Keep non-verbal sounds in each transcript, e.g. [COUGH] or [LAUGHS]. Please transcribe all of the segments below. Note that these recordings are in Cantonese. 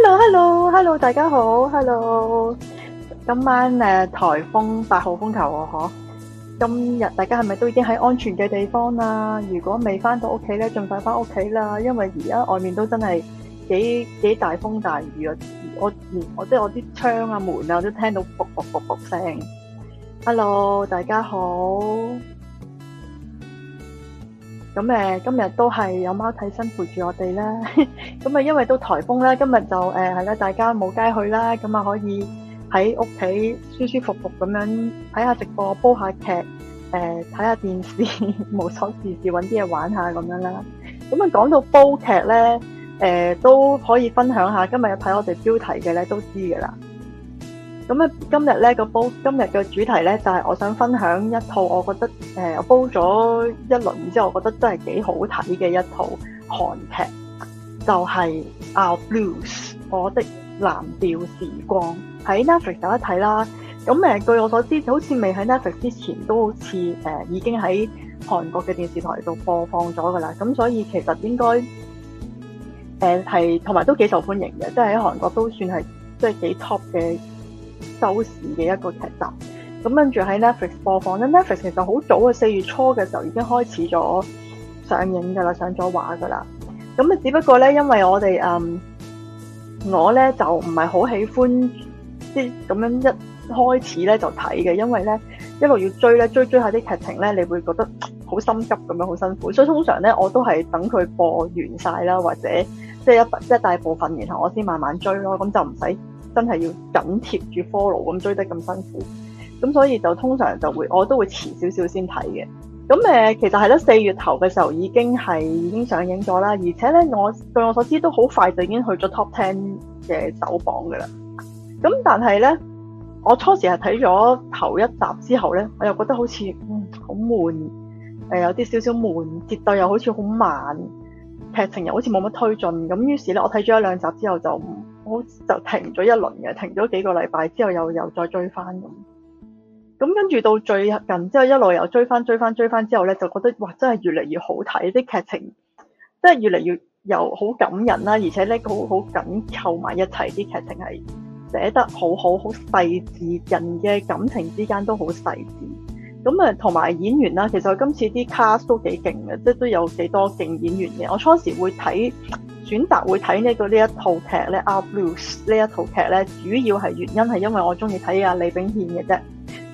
Hello, hello, hello, 大家好，hello. 今晚，呃、颱風，八號風球喎，嗬，今日大家係咪都已經喺安全嘅地方啦？如果未返到屋企呢，盡快返屋企啦，因為而家外面都真係幾幾大風大雨呀，我，我，即係我啲窗呀，門呀，我都聽到卜卜卜卜聲, hello，大家好。咁誒今日都係有貓睇身陪住我哋啦，咁 [LAUGHS] 啊因為都颱風啦，今日就誒係啦，大家冇街去啦，咁啊可以喺屋企舒舒服服咁樣睇下直播煲下劇，誒、呃、睇下電視， [LAUGHS] 無所事事揾啲嘢玩下咁樣啦。咁啊講到煲劇咧，誒、呃、都可以分享下，今日睇我哋標題嘅咧都知噶啦。咁咧、那個，今日咧個煲今日嘅主題咧就係、是、我想分享一套我覺得誒、呃，我煲咗一輪之後，我覺得真係幾好睇嘅一套韓劇，就係、是《Our Blues》我的藍調時光喺 Netflix 有一睇啦。咁誒、呃，據我所知，好似未喺 Netflix 之前都好似誒、呃、已經喺韓國嘅電視台度播放咗噶啦。咁所以其實應該誒係，同埋都幾受歡迎嘅，即係喺韓國都算係即係幾 top 嘅。收視嘅一個劇集，咁跟住喺 Netflix 播放。咁 Netflix 其實好早啊，四月初嘅時候已經開始咗上映噶啦，上咗畫噶啦。咁啊，只不過咧，因為我哋誒、嗯，我咧就唔係好喜歡啲咁樣一開始咧就睇嘅，因為咧一路要追咧，追追下啲劇情咧，你會覺得好心急咁樣，好辛苦。所以通常咧，我都係等佢播完晒啦，或者即係、即係、一、即係、一大部分，然後我先慢慢追咯，咁就唔使，真係要緊貼住 follow 咁追得咁辛苦，咁所以就通常就會我都會遲少少先睇嘅。咁誒、呃，其實係得四月頭嘅時候已經係已經上映咗啦，而且咧我據我所知都好快就已經去咗 top ten 嘅走榜噶啦。咁但係咧，我初時係睇咗頭一集之後咧，我又覺得好似嗯，好悶，誒、呃、有啲少少悶，節奏又好似好慢，劇情又好似冇乜推進。咁於是咧，我睇咗一兩集之後就。嗯我就停咗一輪嘅，停咗幾個禮拜之後又，又又再追翻咁。咁跟住到最近之後，一路又追翻、追翻、追翻之後咧，就覺得哇，真係越嚟越好睇啲劇情真越越，真係越嚟越又好感人啦，而且咧好好緊扣埋一齊啲劇情係寫得好好，好細緻，人嘅感情之間都好細緻。咁啊，同埋演員啦，其實我今次啲 cast 都幾勁嘅，即係都有幾多勁演員嘅。我初時會睇。選擇會睇呢個呢一套劇咧，啊《Our Blues》呢一套劇咧，主要係原因係因為我中意睇阿李炳憲嘅啫，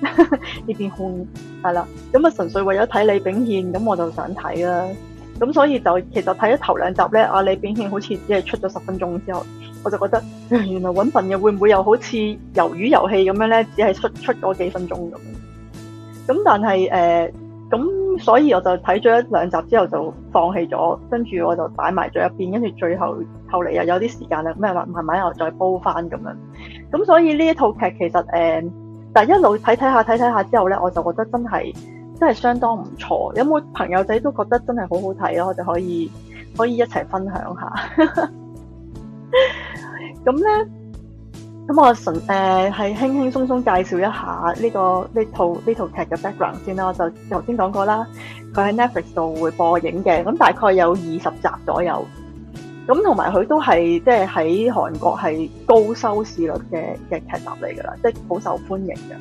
呢邊空係啦，咁啊純粹為咗睇李炳憲，咁我就想睇啦，咁所以就其實睇咗頭兩集咧，阿、啊、李炳憲好似只係出咗十分鐘之後，我就覺得原來揾笨嘅會唔會又好似魷魚遊戲咁樣咧，只係出出咗幾分鐘咁，咁但係誒咁。呃所以我就睇咗一兩集之後就放棄咗，跟住我就擺埋咗一邊，跟住最後後嚟又有啲時間啦，咁又慢慢又再煲翻咁樣。咁所以呢一套劇其實誒、呃，但一路睇睇下睇睇下之後咧，我就覺得真係真係相當唔錯。有冇朋友仔都覺得真係好好睇咯，我就可以可以一齊分享下。咁 [LAUGHS] 咧。咁我神誒係輕輕鬆鬆介紹一下呢、這個呢套呢套劇嘅 background 先啦，我就頭先講過啦，佢喺 Netflix 度會播映嘅，咁大概有二十集左右。咁同埋佢都係即係喺韓國係高收視率嘅嘅劇集嚟噶啦，即係好受歡迎嘅。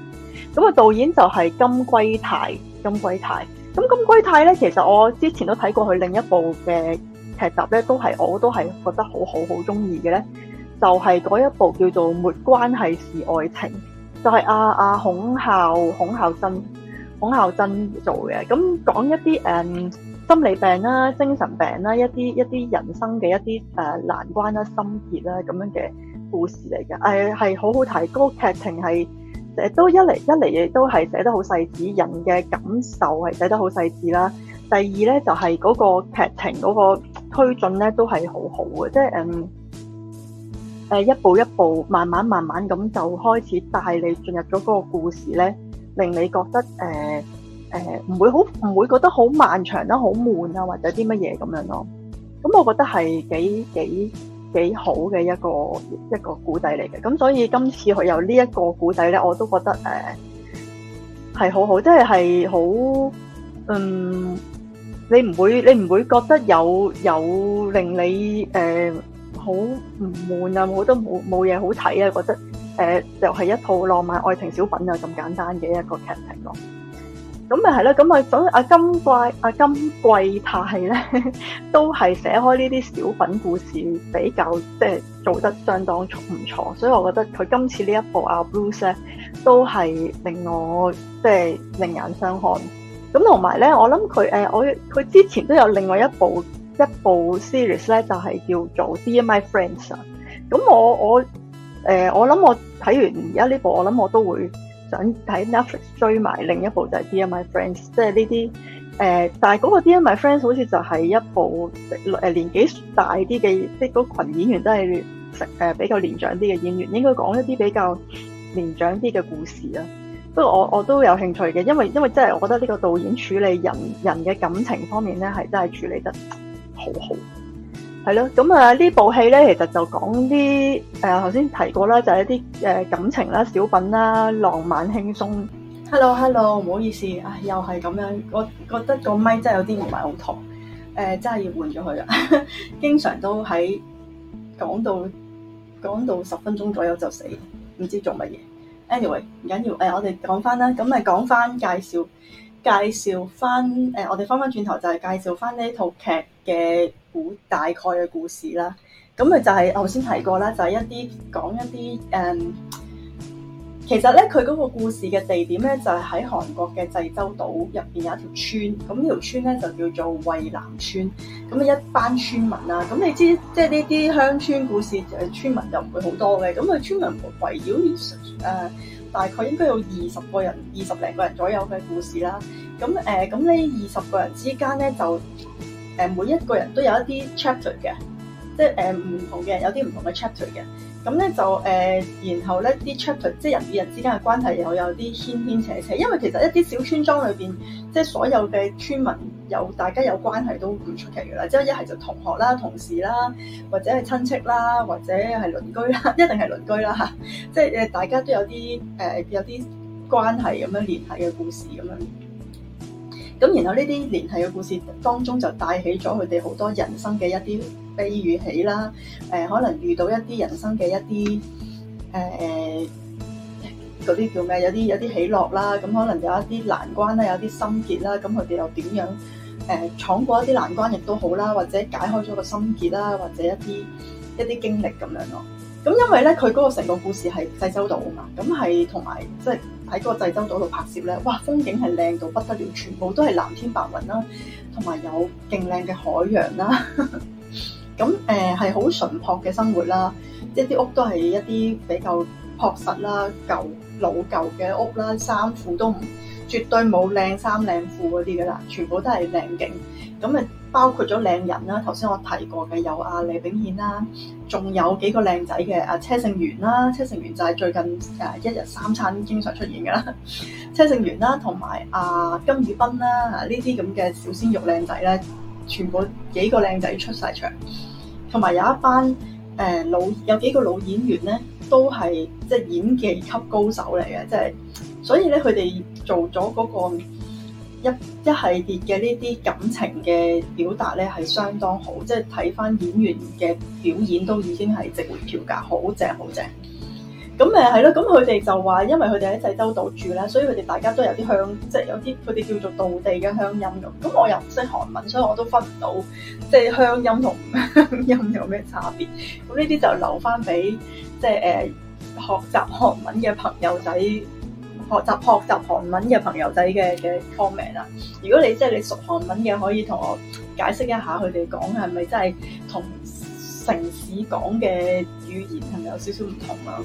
咁啊，導演就係金圭泰，金圭泰。咁金圭泰咧，其實我之前都睇過佢另一部嘅劇集咧，都係我都係覺得好，好好好中意嘅咧。就係嗰一部叫做《沒關係是愛情》，就係阿阿孔孝孔孝真孔孝真做嘅，咁講一啲誒、嗯、心理病啦、啊、精神病啦、啊、一啲一啲人生嘅一啲誒、啊、難關啦、啊、心結啦咁樣嘅故事嚟嘅，誒、哎、係好好睇，嗰、那個劇情係誒都一嚟一嚟亦都係寫得好細緻，人嘅感受係寫得好細致啦。第二咧就係、是、嗰個劇情嗰個推進咧都係好好嘅，即係嗯。呃、一步一步，慢慢慢慢，咁，就開始，帶你進入咗個故事呢，令你覺得，呃、呃、唔會好，好唔悶啊！冇得冇冇嘢好睇啊！覺得誒又係一套浪漫愛情小品啊，咁簡單嘅一個劇情咯。咁咪係啦，咁啊，咁啊金圭啊金圭泰咧， [LAUGHS] 都係寫開呢啲小品故事，比較即係、就是、做得相當唔錯，所以我覺得佢今次呢一部《Our Blues》咧，都係令我即係另眼相看。咁同埋咧，我諗佢誒，我、呃、佢之前都有另外一部。一部 series 咧就係、是、叫做 Dear My Friends，啊，咁我我誒、呃、我諗我睇完而家呢部，我諗我都會想睇 Netflix 追埋另一部就係、是、Dear My Friends，即係呢啲誒，但係嗰個 Dear My Friends 好似就係一部誒年紀大啲嘅，即、就、係、是、群演員都係誒比較年長啲嘅演員應該講一啲比較年長啲嘅故事啊。不過我我都有興趣嘅，因為因為真係我覺得呢個導演處理人人嘅感情方面咧，係真係處理得。好好，係咯，咁啊呢部戲咧，其實就講啲誒頭先提過啦，就係、是、一啲誒、呃、感情啦、小品啦、浪漫輕鬆。Hello Hello，唔好意思，啊又係咁樣，我覺得個咪真係有啲唔係好妥，誒、呃、真係要換咗佢啦， [LAUGHS] 經常都喺講到講到十分鐘左右就死，唔知做乜嘢。Anyway 唔緊要，誒我哋講翻啦，咁咪講翻介紹。介紹翻誒、呃，我哋翻翻轉頭就係介紹翻呢套劇嘅故大概嘅故事啦。咁佢就係我頭先提過啦，就係、是、一啲講一啲誒、嗯，其實咧佢嗰個故事嘅地點咧就係、是、喺韓國嘅濟州島入邊有一條村，咁呢條村咧就叫做渭南村。咁啊一班村民啊，咁你知即係呢啲鄉村故事誒，村民就唔會好多嘅。咁啊村民圍繞誒。大概應該有二十個人、二十零個人左右嘅故事啦。咁誒，咁呢二十個人之間咧，就誒、呃、每一個人都有一啲 chapter 嘅，即係誒唔同嘅人，有啲唔同嘅 chapter 嘅。咁咧、嗯、就誒、呃，然後咧啲 chapter 即係人與人之間嘅關係又有啲牽牽扯扯，因為其實一啲小村莊裏邊，即係所有嘅村民有大家有關係都唔出奇嘅啦。即係一係就同學啦、同事啦，或者係親戚啦，或者係鄰居啦，一定係鄰居啦嚇。即係誒，大家都有啲誒、呃、有啲關係咁樣聯繫嘅故事咁樣。咁然後呢啲聯繫嘅故事當中就帶起咗佢哋好多人生嘅一啲悲與喜啦，誒、呃、可能遇到一啲人生嘅一啲誒嗰啲叫咩？有啲有啲喜樂啦，咁可能有一啲難關啦，有啲心結啦，咁佢哋又點樣誒闖、呃、過一啲難關亦都好啦，或者解開咗個心結啦，或者一啲一啲經歷咁樣咯。咁、嗯、因為咧佢嗰個成個故事係濟州島啊嘛，咁係同埋即係。喺個濟州島度拍攝咧，哇！風景係靚到不得了，全部都係藍天白雲啦，同埋有勁靚嘅海洋啦。咁誒係好淳樸嘅生活啦，一啲屋都係一啲比較樸實啦、舊老舊嘅屋啦，衫褲都唔絕對冇靚衫靚褲嗰啲噶啦，全部都係靚景咁誒。包括咗靚人啦，頭先我提過嘅有阿、啊、李炳憲啦，仲有幾個靚仔嘅阿車勝元啦，車勝元就係最近誒一日三餐經常出現㗎啦，車勝元啦同埋阿金宇彬啦啊呢啲咁嘅小鮮肉靚仔咧，全部幾個靚仔出晒場，同埋有，有一班誒老有幾個老演員咧，都係即係演技級高手嚟嘅，即、就、係、是、所以咧佢哋做咗嗰、那個。一一系列嘅呢啲感情嘅表達咧，係相當好，即係睇翻演員嘅表演都已經係值回票價，好正好正。咁誒係咯，咁佢哋就話因為佢哋喺濟州島住咧，所以佢哋大家都有啲鄉，即係有啲佢哋叫做道地嘅鄉音咁。咁我又唔識韓文，所以我都分唔到即係鄉音同鄉音有咩差別。咁呢啲就留翻俾即係誒學習韓文嘅朋友仔。學習學習韓文嘅朋友仔嘅嘅 comment 啊！如果你即係你熟韓文嘅，可以同我解釋一下佢哋講係咪真係同城市講嘅語言係咪有少少唔同啊？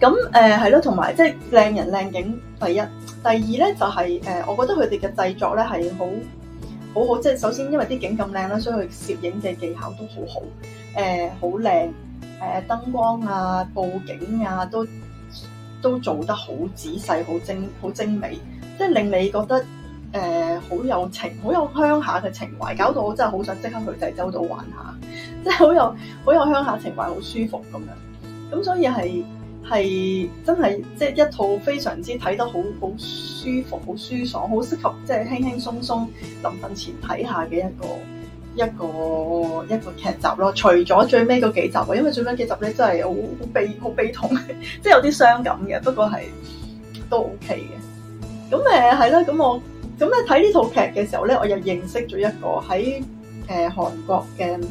咁誒係咯，同、呃、埋即係靚人靚景第一，第二咧就係、是、誒、呃，我覺得佢哋嘅製作咧係好好好，即係首先因為啲景咁靚啦，所以佢攝影嘅技巧都好好，誒好靚，誒、呃、燈光啊、佈景啊都。都做得好仔細、好精、好精美，即係令你覺得誒好、呃、有情、好有鄉下嘅情懷，搞到我真係好想即刻去濟州島玩下，即係好有好有鄉下情懷、好舒服咁樣。咁、嗯、所以係係真係即係一套非常之睇得好好舒服、好舒爽、好適合即係輕輕鬆鬆臨瞓前睇下嘅一個。一個一個劇集咯，除咗最尾嗰幾集啊，因為最尾幾集咧真係好好悲好悲痛， [LAUGHS] 即係有啲傷感嘅。不過係都 OK 嘅。咁誒係啦，咁我咁咧睇呢套劇嘅時候咧，我又認識咗一個喺誒韓國嘅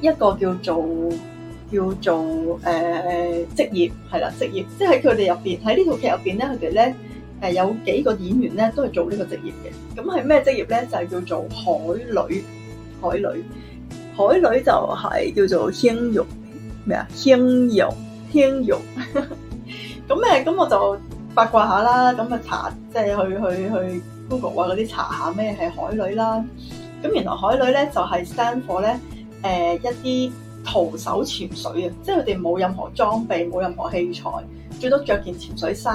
一個叫做叫做誒職業係啦職業，即係喺佢哋入邊喺呢套劇入邊咧佢哋咧。誒有幾個演員咧，都係做呢個職業嘅。咁係咩職業咧？就係叫做海女。海女，海女就係、是、叫做香肉咩啊？香肉，香肉。咁誒，咁 [LAUGHS] 我就八卦下啦。咁啊，就是、查即係去去去 Google 啊，嗰啲查下咩係海女啦。咁原來海女咧就係山貨咧，誒、呃、一啲徒手潛水嘅，即係佢哋冇任何裝備，冇任何器材，最多着件潛水衫。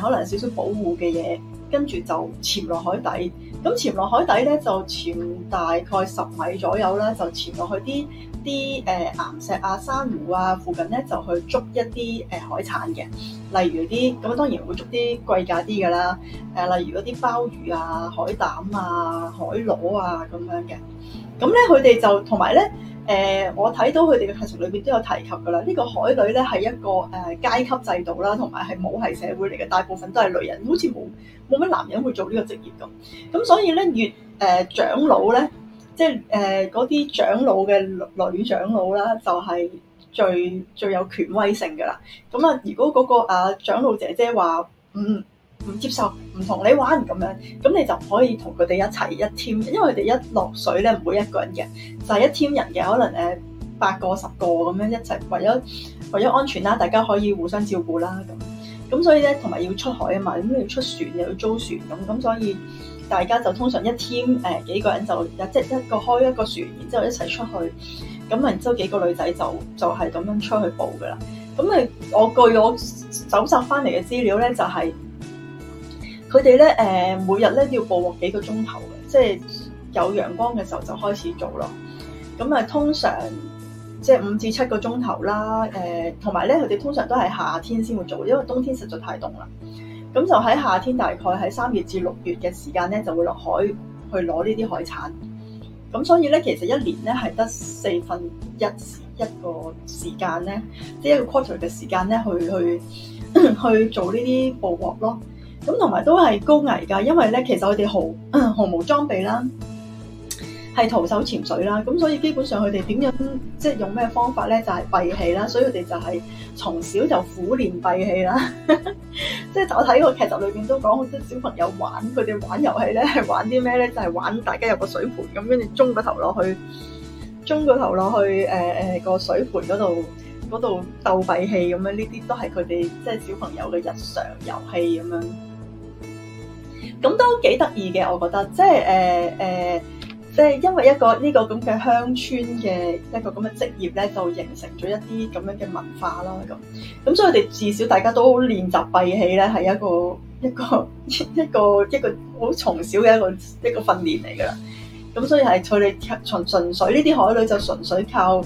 可能少少保護嘅嘢，跟住就潛落海底，咁潛落海底咧就潛大概十米左右啦，就潛落去啲啲誒岩石啊、珊瑚啊附近咧，就去捉一啲誒海產嘅，例如啲咁啊，當然會捉啲貴價啲噶啦，誒、呃、例如嗰啲鮑魚啊、海膽啊、海螺啊咁樣嘅，咁咧佢哋就同埋咧。誒、呃，我睇到佢哋嘅劇情裏邊都有提及噶啦。呢、這個海女咧係一個誒、呃、階級制度啦，同埋係母系社會嚟嘅，大部分都係女人，好似冇冇乜男人會做呢個職業咁。咁所以咧，越誒、呃、長老咧，即係誒嗰啲長老嘅女長老啦，就係、是、最最有權威性噶啦。咁、那個、啊，如果嗰個啊長老姐姐話，嗯。唔接受唔同你玩咁樣，咁你就唔可以同佢哋一齊一添，因為佢哋一落水咧唔會一個人嘅，就係一添人嘅，可能誒八個十個咁樣一齊為咗為咗安全啦，大家可以互相照顧啦咁。咁所以咧，同埋要出海啊嘛，咁你要出船又要租船咁，咁所以大家就通常一添，呃、幾個人就即一個開一個船，然之後一齊出去。咁啊，然之後幾個女仔就就係咁樣出去報噶啦。咁你我據我搜集翻嚟嘅資料咧，就係。佢哋咧，誒、呃，每日咧要捕獲幾個鐘頭嘅，即係有陽光嘅時候就開始做咯。咁啊，通常即係五至七個鐘頭啦。誒、呃，同埋咧，佢哋通常都係夏天先會做，因為冬天實在太凍啦。咁就喺夏天，大概喺三月至六月嘅時間咧，就會落海去攞呢啲海產。咁所以咧，其實一年咧係得四分一一個時間咧，即係一個 quarter 嘅時間咧，去去 [COUGHS] 去做呢啲捕獲咯。咁同埋都係高危㗎，因為咧其實佢哋毫毫無裝備啦，係徒手潛水啦，咁、啊、所以基本上佢哋點樣即係用咩方法咧，就係閉氣啦，所以佢哋就係從小就苦練閉氣啦。啊、 [LAUGHS] 即係我睇個劇集裏邊都講好多小朋友玩，佢哋玩遊戲咧係玩啲咩咧？就係、是、玩大家有個水盆咁，跟住中個頭落去，中個頭落去誒誒個水盆嗰度嗰度鬥閉氣咁樣，呢啲都係佢哋即係小朋友嘅日常遊戲咁樣。咁都幾得意嘅，我覺得，即係誒誒，即係因為一個呢、這個咁嘅鄉村嘅一個咁嘅職業咧，就形成咗一啲咁樣嘅文化啦。咁咁，所以佢哋至少大家都練習閉氣咧，係一個一個一個一個好從小嘅一個一個訓練嚟噶啦。咁所以係佢哋純純粹呢啲海女就純粹靠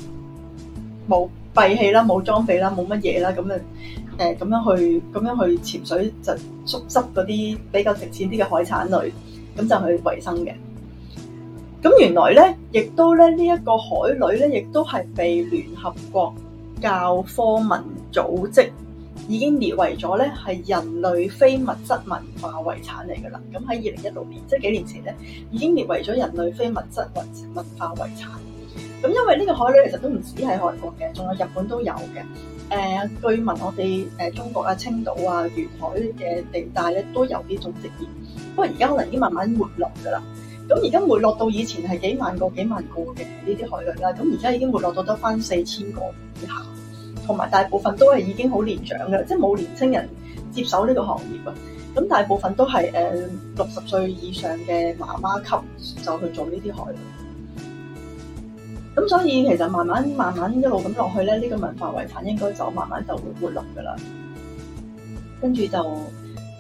冇。廢棄啦，冇裝備啦，冇乜嘢啦，咁啊，誒，咁樣去，咁樣去潛水，就縮執嗰啲比較值錢啲嘅海產類，咁就去維生嘅。咁原來咧，亦都咧呢一、這個海女咧，亦都係被聯合國教科文組織已經列為咗咧係人類非物質文化遺產嚟噶啦。咁喺二零一六年，即係幾年前咧，已經列為咗人類非物質文文化遺產。咁因為呢個海女其實都唔止係韓國嘅，仲有日本都有嘅。誒、呃、據聞我哋誒中國、呃、青島啊沿海嘅地帶咧都有呢種職業，不過而家可能已經慢慢沒落噶啦。咁而家沒落到以前係幾萬個幾萬個嘅呢啲海女啦，咁而家已經沒落到得返四千個以下，同埋大部分都係已經好年長嘅，即係冇年青人接手呢個行業啊。咁大部分都係誒六十歲以上嘅媽媽級就去做呢啲海女。咁所以其實慢慢慢慢一路咁落去咧，呢、這個文化遺產應該就慢慢就會活絡噶啦。跟住就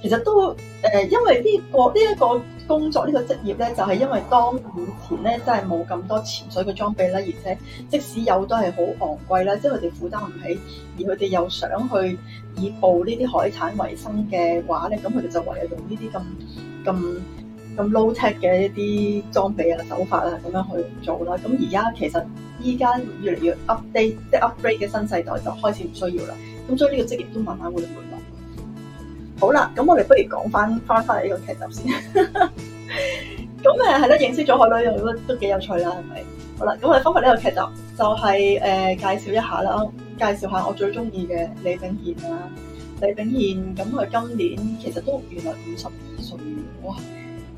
其實都誒、呃，因為呢、這個呢一、這個工作、這個、職呢個職業咧，就係、是、因為當以前咧真係冇咁多潛水嘅裝備啦，而且即使有都係好昂貴啦，即係佢哋負擔唔起，而佢哋又想去以捕呢啲海產為生嘅話咧，咁佢哋就唯有用呢啲咁咁。咁 low tech 嘅一啲裝備啊、手法啦、啊，咁樣去做啦。咁而家其實依家越嚟越 update，即 upgrade 嘅新世代就開始唔需要啦。咁所以呢個職業都慢慢、啊、會沒落。好啦，咁我哋不如講翻翻翻嚟呢個劇集先。咁誒係啦，認識咗海女都都幾有趣啦，係咪？好啦，咁我哋講下呢個劇集，就係、是、誒、呃、介紹一下啦，介紹下我最中意嘅李炳憲啦。李炳憲咁佢今年其實都原來五十二歲，哇！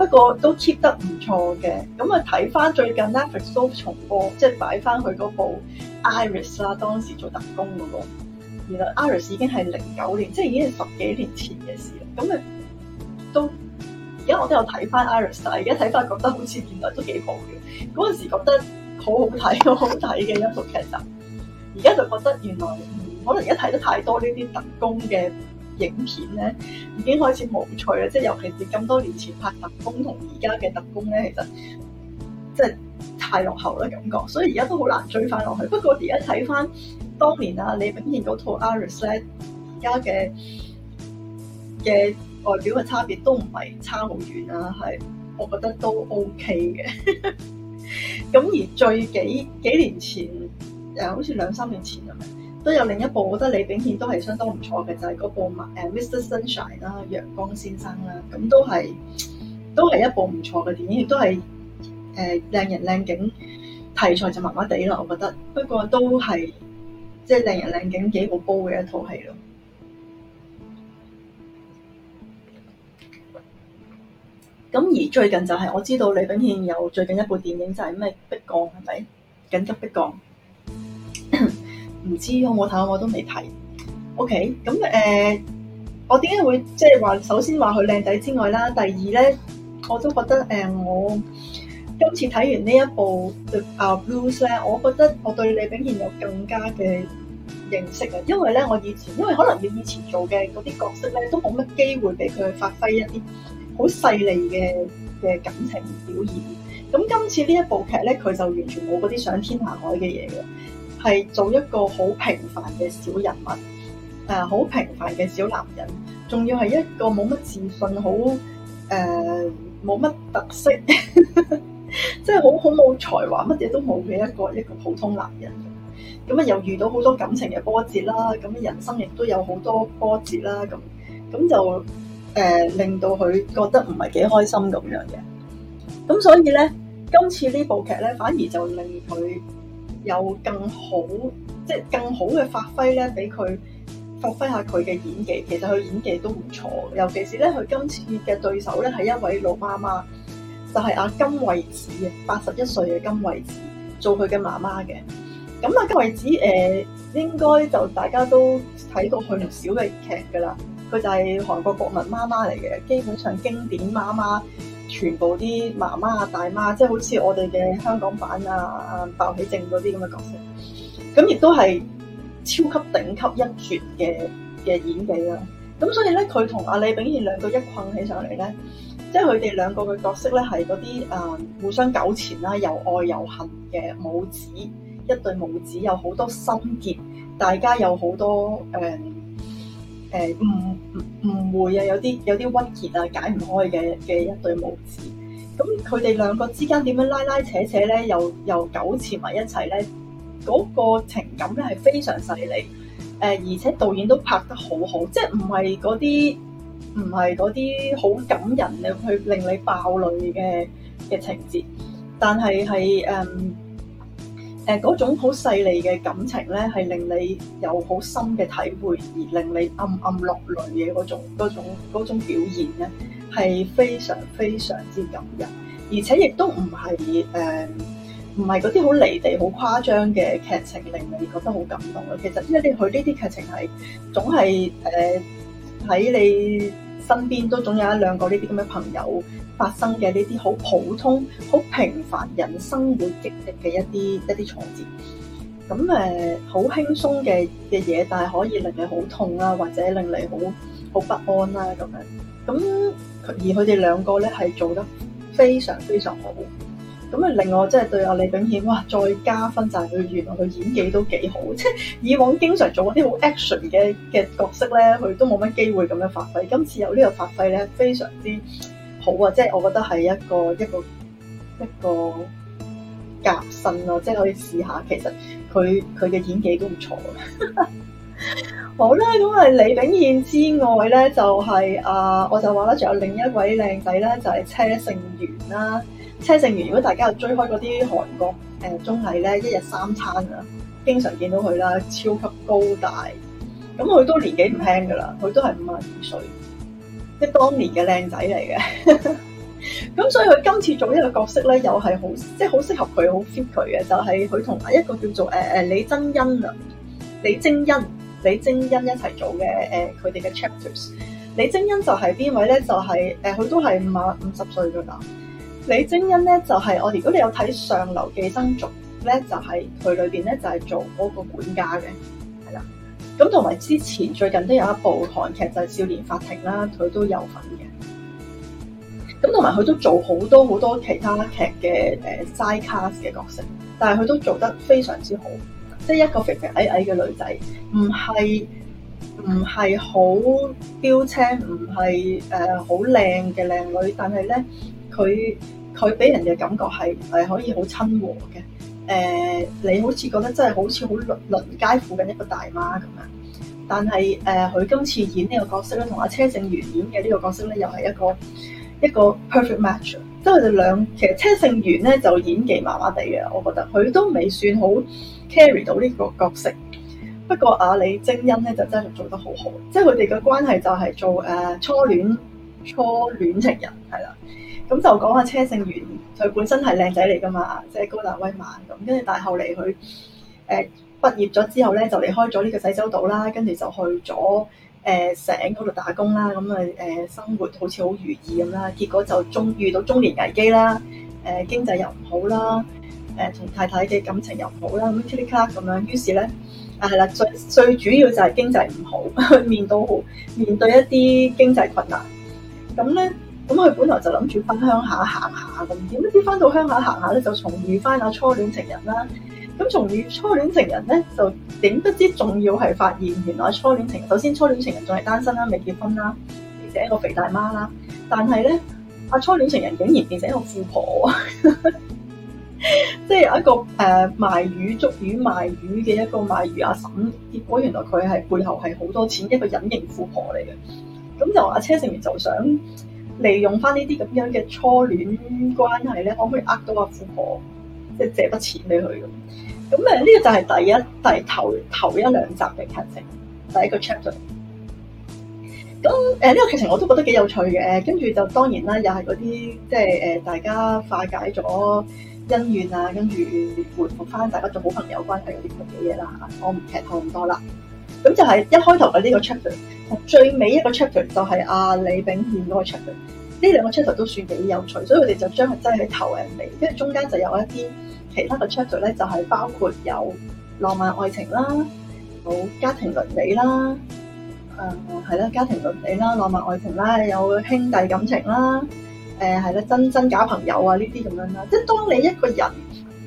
不過都 keep 得唔錯嘅，咁啊睇翻最近 Netflix s 都重播，即係擺翻佢嗰部《Iris》啦，當時做特工嗰個，原來《Iris》已經係零九年，即係已經係十幾年前嘅事啦。咁啊，都而家我都有睇翻《Iris》，但係而家睇翻覺得好似原來都幾好嘅，嗰陣時覺得好好睇，好好睇嘅一套劇集，而家就覺得原來、嗯、可能而家睇得太多呢啲特工嘅。影片咧已經開始無趣啦，即係尤其是咁多年前拍特工同而家嘅特工咧，其實即係太落後啦，感覺，所以而家都好難追翻落去。不過而家睇翻當年啊李炳憲嗰套呢《Iris》咧，而家嘅嘅外表嘅差別都唔係差好遠啊，係我覺得都 OK 嘅。咁 [LAUGHS] 而最幾幾年前誒、啊，好似兩三年前係咪？都有另一部，我覺得李炳憲都係相當唔錯嘅，就係、是、嗰部誒 Mr Sunshine 啦，陽光先生啦，咁都係都係一部唔錯嘅電影，亦都係誒靚人靚景，題材就麻麻地啦，我覺得，不過都係即係靚人靚景幾好煲嘅一套戲咯。咁而最近就係、是、我知道李炳憲有最近一部電影就係咩迫降，係咪緊急迫降？ [COUGHS] 唔知我睇我都未睇，OK。咁、uh, 誒，我點解會即係話首先話佢靚仔之外啦，第二咧，我都覺得誒，uh, 我今次睇完呢一部 Our Blues 咧，我覺得我對李炳憲有更加嘅認識啊！因為咧，我以前因為可能你以前做嘅嗰啲角色咧，都冇乜機會俾佢發揮一啲好細膩嘅嘅感情表現。咁今次呢一部劇咧，佢就完全冇嗰啲上天下海嘅嘢嘅。係做一個好平凡嘅小人物，誒、呃，好平凡嘅小男人，仲要係一個冇乜自信，好誒，冇、呃、乜特色， [LAUGHS] 即係好好冇才華，乜嘢都冇嘅一個一個普通男人。咁啊，又遇到好多感情嘅波折啦，咁人生亦都有好多波折啦，咁咁就誒、呃、令到佢覺得唔係幾開心咁樣嘅。咁所以咧，今次部劇呢部劇咧，反而就令佢。有更好即係更好嘅發揮咧，俾佢發揮下佢嘅演技。其實佢演技都唔錯，尤其是咧，佢今次嘅對手咧係一位老媽媽，就係、是、阿金惠子嘅八十一歲嘅金惠子做佢嘅媽媽嘅。咁、嗯、啊金惠子誒、呃、應該就大家都睇到佢唔少嘅劇㗎啦。佢就係韓國國民媽媽嚟嘅，基本上經典媽媽，全部啲媽媽啊、大媽，即係好似我哋嘅香港版啊、鮑起靜嗰啲咁嘅角色，咁亦都係超級頂級一絕嘅嘅演技啦、啊。咁所以咧，佢同阿李炳憲兩個一困起上嚟咧，即係佢哋兩個嘅角色咧係嗰啲誒互相糾纏啦，又愛又恨嘅母子，一對母子有好多心結，大家有好多誒。嗯誒誤誤誤會啊！有啲有啲鬱結啊，解唔開嘅嘅一對母子咁，佢、嗯、哋兩個之間點樣拉拉扯扯咧，又又糾纏埋一齊咧，嗰、個情感咧係非常細膩誒，而且導演都拍得好好，即係唔係嗰啲唔係啲好感人嘅去令你爆淚嘅嘅情節，但係係誒。嗯誒，嗰種好細膩嘅感情咧，係令你有好深嘅體會，而令你暗暗落淚嘅嗰種、嗰種、嗰種表現咧，係非常非常之感人，而且亦都唔係誒，唔係嗰啲好離地、好誇張嘅劇情令你覺得好感動咯。其實因為佢呢啲劇情係總係誒喺你身邊都總有一兩個呢啲咁嘅朋友。發生嘅呢啲好普通、好平凡人生會經歷嘅一啲一啲挫折，咁誒好輕鬆嘅嘅嘢，但係可以令你好痛啊，或者令你好好不安啦、啊、咁樣。咁而佢哋兩個咧係做得非常非常好，咁啊令我真係對阿李炳憲哇再加分就，就係佢原來佢演技都幾好，即係以往經常做嗰啲好 action 嘅嘅角色咧，佢都冇乜機會咁樣發揮，今次有呢個發揮咧，非常之～好啊，即係我覺得係一個一個一個夾身咯，即係可以試下。其實佢佢嘅演技都唔錯、啊。 [LAUGHS] 好啦，咁係李炳憲之外咧，就係、是、啊，我就話啦，仲有另一位靚仔咧，就係、是、車勝元啦、啊。車勝元，如果大家有追開嗰啲韓國誒綜藝咧，一日三餐啊，經常見到佢啦，超級高大。咁佢都年紀唔輕噶啦，佢都係五啊二歲。即當年嘅靚仔嚟嘅，咁 [LAUGHS] 所以佢今次做呢個角色咧，又係好即係好適合佢，好 fit 佢嘅，就係佢同埋一個叫做誒誒李姃垠啊，李姃垠，李姃垠，垠一齊做嘅誒，佢、呃、哋嘅 chapters。李姃垠就係邊位咧？就係、是、誒，佢、呃、都係五五五十歲㗎喇。李姃垠咧就係、是、我，如果你有睇《上流寄生族》咧，就係佢裏邊咧就係、是、做嗰個管家嘅，係啦。咁同埋之前最近都有一部韓劇就係、是《少年法庭》啦，佢都有份嘅。咁同埋佢都做好多好多其他劇嘅誒、呃、side cast 嘅角色，但係佢都做得非常之好。即、就、係、是、一個肥肥矮矮嘅女仔，唔係唔係好標青，唔係誒好靚嘅靚女，但係咧佢佢俾人嘅感覺係係可以好親和嘅。誒、呃，你好似覺得真係好似好鄰鄰街附近一個大媽咁樣，但係誒，佢、呃、今次演呢個角色咧，同阿、啊、車勝元演嘅呢個角色咧，又係一個一個 perfect match，即係佢哋兩其實車勝元咧就演技麻麻地嘅，我覺得佢都未算好 carry 到呢個角色。不過阿、啊、李貞恩咧就真係做得好好，即係佢哋嘅關係就係做誒、啊、初戀初戀情人係啦。咁就講下車勝元，佢本身係靚仔嚟噶嘛，即係高大威猛咁。跟住但後嚟佢誒畢業咗之後咧，就離開咗呢個濟州島啦，跟住就去咗誒城嗰度打工啦。咁啊誒生活好似好如意咁啦，結果就中遇到中年危機啦，誒、呃、經濟又唔好啦，誒、呃、同太太嘅感情又唔好啦，咁一 k c 咁樣，於是咧啊係啦，最最主要就係經濟唔好 [LAUGHS] 面，面對面對一啲經濟困難，咁咧。咁佢本來就諗住翻鄉下行下咁，點知翻到鄉下行下咧，就重遇翻阿初戀情人啦。咁重遇初戀情人咧，就點不知仲要係發現，原來初戀情人首先初戀情人仲係單身啦，未結婚啦，而且一個肥大媽啦。但係咧，阿、啊、初戀情人竟然變成一個富婆，即 [LAUGHS] 係有一個誒、啊、賣魚捉魚賣魚嘅一個賣魚阿嬸，結果原來佢係背後係好多錢，一個隱形富婆嚟嘅。咁就阿車勝元就想。利用翻呢啲咁樣嘅初戀關係咧，可唔可以呃到阿富婆，即係借筆錢俾佢咁？咁誒呢個就係第一第頭頭一兩集嘅劇情，第一個 chapter。咁誒呢個劇情我都覺得幾有趣嘅，跟住就當然啦，又係嗰啲即係誒、呃、大家化解咗恩怨啊，跟住回復翻大家做好朋友關係嗰啲咁嘅嘢啦。我唔劇透咁多啦。咁就係一開頭嘅呢個 chapter，同最尾一個 chapter 就係阿、啊、李炳憲嗰個 chapter。呢兩個 chapter 都算幾有趣，所以佢哋就將佢擠喺頭尾，跟住中間就有一啲其他嘅 chapter 咧，就係、是、包括有浪漫愛情啦，有家庭倫理啦，誒係啦家庭倫理啦、浪漫愛情啦，有兄弟感情啦，誒係啦真真假朋友啊呢啲咁樣啦。即係當你一個人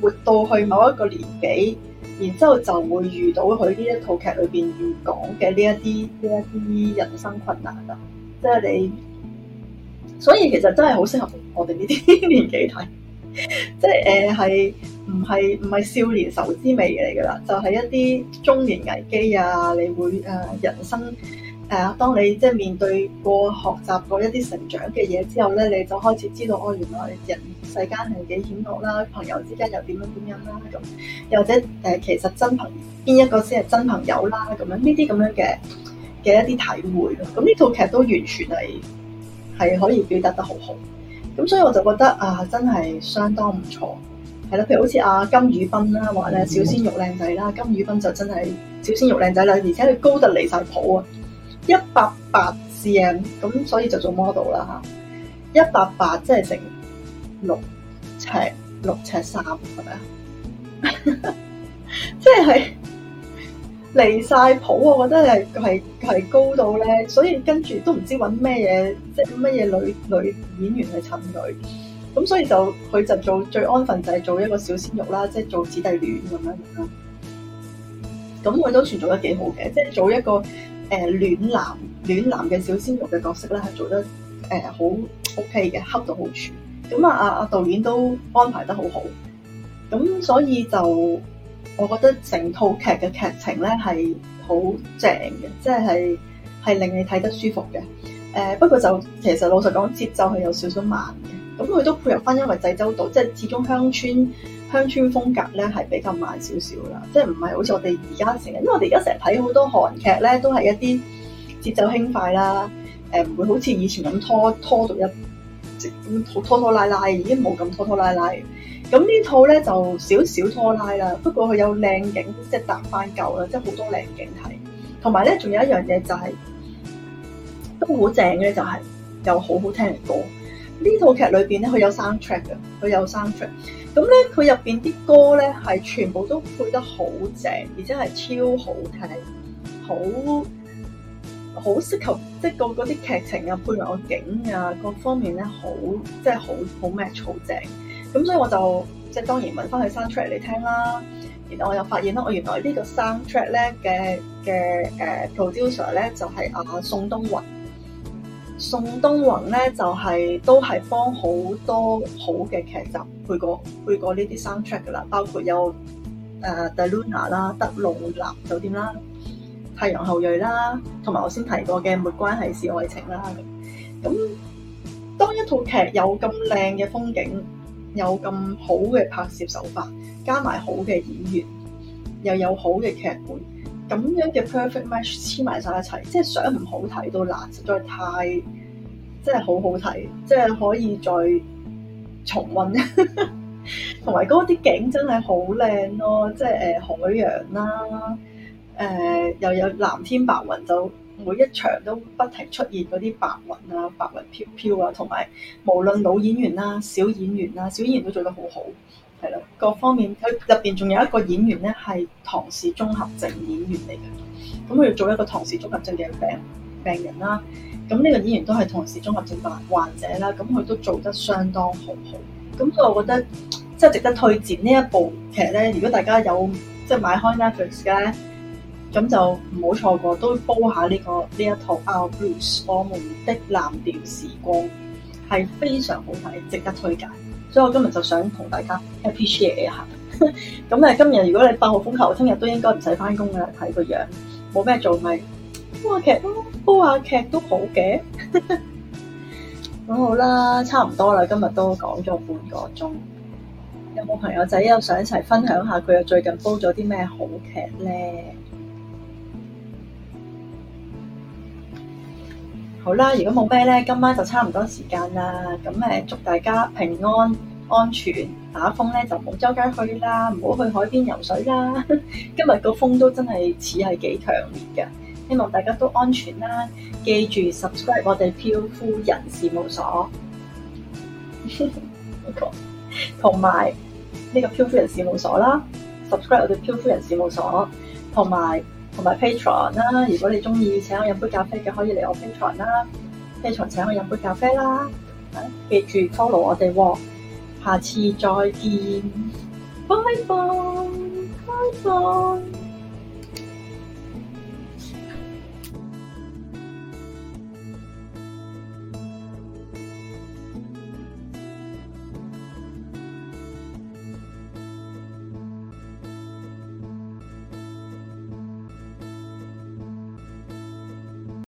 活到去某一個年紀。然之後就會遇到佢呢一套劇裏邊要講嘅呢一啲呢一啲人生困難啊，即係你，所以其實真係好適合我哋呢啲年紀睇，即係誒係唔係唔係少年愁滋味嚟噶啦，就係、是、一啲中年危機啊，你會誒、啊、人生。係啊，當你即係面對過學習過一啲成長嘅嘢之後咧，你就開始知道哦、啊，原來人世間係幾險惡啦，朋友之間又點樣點樣啦咁，或者誒、呃，其實真朋邊一個先係真朋友啦咁樣呢啲咁樣嘅嘅一啲體會咯。咁呢套劇都完全係係可以表達得好好。咁所以我就覺得啊，真係相當唔錯。係啦，譬如好似阿、啊、金宇彬啦，話咧，小鮮肉靚仔啦，嗯、金宇彬就真係小鮮肉靚仔啦，而且佢高得離晒譜啊！一百八 cm，咁所以就做 model 啦吓，一百八即係成六尺六尺三，係咪啊？即係離晒譜，我覺得係係係高到咧，所以跟住都唔知搵咩嘢，即係乜嘢女女演員去襯女，咁所以就佢就做最安分就係做一個小鮮肉啦，即係做子弟戀咁樣啦。咁佢都算做得幾好嘅，即係做一個。誒，暖男暖男嘅小鮮肉嘅角色咧，係做得誒好 OK 嘅，恰到好處。咁啊啊啊導演都安排得好好，咁所以就我覺得成套劇嘅劇情咧係好正嘅，即係係令你睇得舒服嘅。誒，不過就其實老實講，節奏係有少少慢嘅。咁佢都配合翻，因為濟州島即係始終鄉村。鄉村風格咧係比較慢少少啦，即係唔係好似我哋而家成日，因為我哋而家成日睇好多韓劇咧，都係一啲節奏輕快啦。誒、呃，唔會好似以前咁拖拖到一即係拖，拖拖拉拉，已經冇咁拖拖拉拉嘅。咁呢套咧就少少拖拉啦，不過佢有靚景，即係搭翻舊啦，即係好多靚景睇。同埋咧，仲有一樣嘢就係、是、都好正嘅，就係、是、有好好聽嘅歌。套劇裏呢套劇裏邊咧，佢有 soundtrack 嘅，佢有 soundtrack。咁咧，佢入邊啲歌咧，係全部都配得好正，而且係超好聽，好好適合即係個嗰啲劇情啊、配埋個景啊各方面咧，好即係好好 match 好正。咁所以我就即係當然揾翻佢 soundtrack 嚟聽啦。然後我又發現啦，我原來個呢個 soundtrack 咧嘅嘅誒 producer 咧就係、是、啊宋東雲。宋東雲咧就係、是、都係幫好多好嘅劇集配過配過呢啲 soundtrack 噶啦，包括有誒、uh, The Luna 啦、德魯納酒店啦、太陽後裔啦，同埋我先提過嘅《沒關係是愛情》啦。咁當一套劇有咁靚嘅風景，有咁好嘅拍攝手法，加埋好嘅演員，又有好嘅劇本。咁樣嘅 perfect match 黐埋晒一齊，即係想唔好睇都難，實在太真係好好睇，即係可以再重溫。同埋嗰啲景真係好靚咯、哦，即係誒海洋啦、啊，誒、呃、又有藍天白雲，就每一場都不停出現嗰啲白雲啊，白雲飄飄啊，同埋無論老演員啦、啊、小演員啦、啊、小演員都做得好好。係啦，各方面佢入邊，仲有一個演員咧，係唐氏綜合症演員嚟嘅，咁佢要做一個唐氏綜合症嘅病病人啦。咁呢個演員都係唐氏綜合症患患者啦，咁佢都做得相當好好。咁所以我覺得即係值得推薦呢一部劇咧。如果大家有即係買開 Netflix 嘅，咁就唔好錯過，都煲下呢、呢個呢一套、R《Our Blues》我們的藍調時光，係非常好睇，值得推介。所以我今日就想同大家 appreciate 一下。咁咧，今日如果你八號風球，聽日都應該唔使翻工啦，睇個樣，冇咩做咪煲下劇咯，煲下劇都好嘅。咁 [LAUGHS] 好啦，差唔多啦，今日都講咗半個鐘。有冇朋友仔又想一齊分享下佢又最近煲咗啲咩好劇咧？好啦，如果冇咩咧，今晚就差唔多時間啦。咁誒，祝大家平安、安全。打風咧就唔好周街去啦，唔好去海邊游水啦。 [LAUGHS] 今日個風都真係似係幾強烈㗎，希望大家都安全啦。記住 subscribe 我哋漂夫人事務所，同埋呢個漂夫人事務所啦。subscribe 我哋漂夫人事務所，同埋。同埋 Patreon 啦，啊，如果你中意，請我飲杯咖啡嘅，可以嚟我 Patreon 啦，啊，Patreon 請我飲杯咖啡啦，啊，記住 follow 我哋喎，啊，下次再見，拜拜，拜拜。